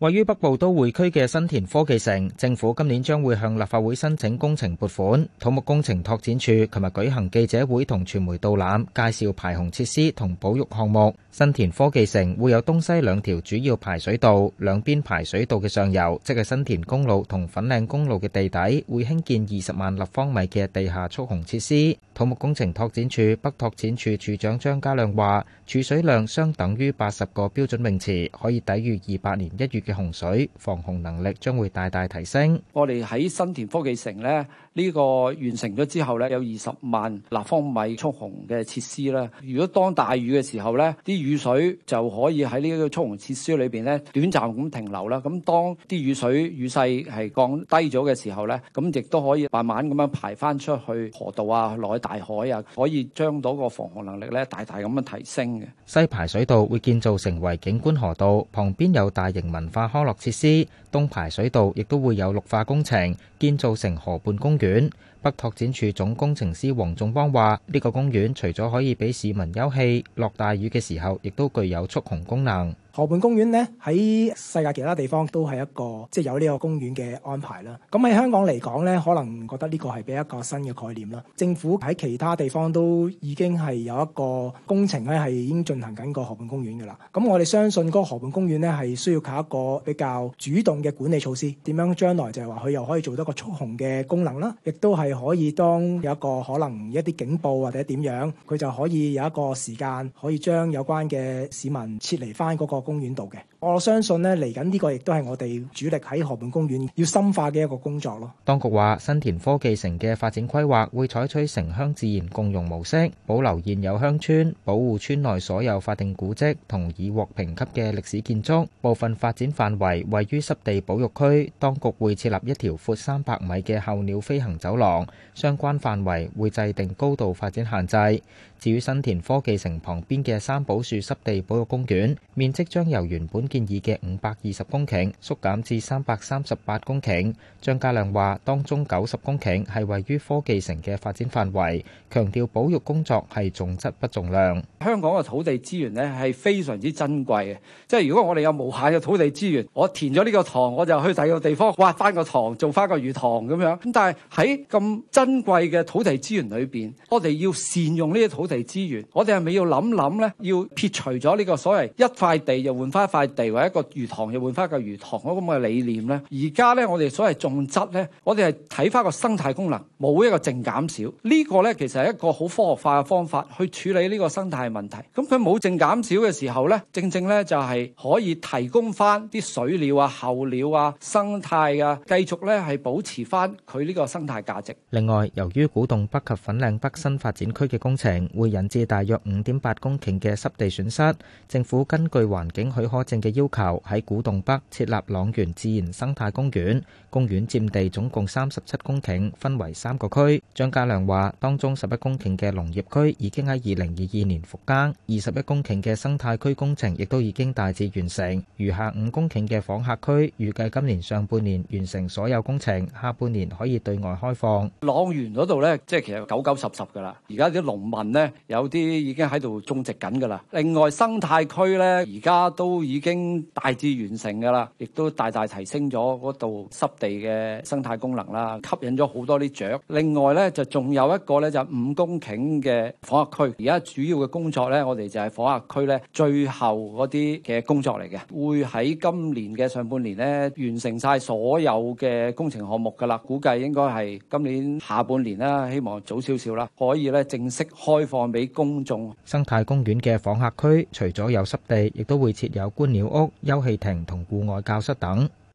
位於北部都會區嘅新田科技城，政府今年將會向立法會申請工程撥款。土木工程拓展署琴日舉行記者會同傳媒導覽，介紹排洪設施同保育項目。新田科技城會有東西兩條主要排水道，兩邊排水道嘅上游，即係新田公路同粉嶺公路嘅地底，會興建二十萬立方米嘅地下蓄洪設施。土木工程拓展署北拓展處處長張家亮話，儲水量相等於八十個標準泳池，可以抵禦二百年一遇嘅洪水，防洪能力將會大大提升。我哋喺新田科技城咧，呢個完成咗之後咧，有二十萬立方米蓄洪嘅設施啦。如果當大雨嘅時候咧，啲雨水就可以喺呢個蓄洪設施裏邊咧，短暫咁停留啦。咁當啲雨水雨勢係降低咗嘅時候咧，咁亦都可以慢慢咁樣排返出去河道啊，落去大海啊，可以將到個防洪能力咧，大大咁樣提升嘅。西排水道會建造成為景觀河道，旁邊有大型文。化康樂設施，東排水道亦都會有綠化工程，建造成河畔公園。北拓展處總工程師黃仲邦話：呢個公園除咗可以俾市民休憩，落大雨嘅時候，亦都具有蓄洪功能。河畔公園呢，喺世界其他地方都係一個即係、就是、有呢個公園嘅安排啦。咁喺香港嚟講呢，可能覺得呢個係比一個新嘅概念啦。政府喺其他地方都已經係有一個工程咧，係已經進行緊個河畔公園㗎啦。咁我哋相信個個河畔公園呢，係需要靠一個比較主動嘅管理措施，點樣將來就係話佢又可以做到個蓄洪嘅功能啦，亦都係可以當有一個可能一啲警報或者點樣，佢就可以有一個時間可以將有關嘅市民撤離翻嗰個。公園度嘅。我相信呢，嚟緊呢個亦都係我哋主力喺河畔公園要深化嘅一個工作咯。當局話，新田科技城嘅發展規劃會採取城鄉自然共融模式，保留現有鄉村，保護村內所有法定古蹟同已獲評級嘅歷史建築。部分發展範圍位於濕地保育區，當局會設立一條闊三百米嘅候鳥飛行走廊，相關範圍會制定高度發展限制。至於新田科技城旁邊嘅三寶樹濕地保育公園，面積將由原本建議嘅五百二十公頃縮減至三百三十八公頃。張家亮話：當中九十公頃係位於科技城嘅發展範圍，強調保育工作係重質不重量。香港嘅土地資源呢係非常之珍貴嘅，即係如果我哋有無限嘅土地資源，我填咗呢個塘，我就去第二個地方挖翻個塘，做翻個魚塘咁樣。咁但係喺咁珍貴嘅土地資源裏邊，我哋要善用呢啲土地資源，我哋係咪要諗諗咧？要撇除咗呢個所謂一塊地就換翻一塊。地或一個魚塘又換翻一個魚塘嗰個咁嘅理念咧，而家咧我哋所謂重質咧，我哋係睇翻個生態功能，冇一個淨減少呢個咧，其實係一個好科學化嘅方法去處理呢個生態問題。咁佢冇淨減少嘅時候咧，正正咧就係可以提供翻啲水鳥啊、候鳥啊生態啊，繼續咧係保持翻佢呢個生態價值。另外，由於古洞北及粉嶺北新發展區嘅工程會引致大約五點八公頃嘅濕地損失，政府根據環境許可證。嘅要求喺古洞北設立塱原自然生態公園，公園佔地總共三十七公頃，分為三個區。張家良話：當中十一公頃嘅農業區已經喺二零二二年復耕，二十一公頃嘅生態區工程亦都已經大致完成，餘下五公頃嘅訪客區預計今年上半年完成所有工程，下半年可以對外開放。塱原嗰度咧，即係其實九九十十噶啦，而家啲農民咧有啲已經喺度種植緊噶啦。另外生態區咧，而家都已經。大致完成噶啦，亦都大大提升咗嗰度濕地嘅生態功能啦，吸引咗好多啲雀。另外咧，就仲有一個咧，就五公頃嘅訪客區。而家主要嘅工作咧，我哋就係訪客區咧最後嗰啲嘅工作嚟嘅，會喺今年嘅上半年咧完成晒所有嘅工程項目噶啦。估計應該係今年下半年啦，希望早少少啦，可以咧正式開放俾公眾。生態公園嘅訪客區，除咗有濕地，亦都會設有觀鳥。屋休憩亭同戶外教室等。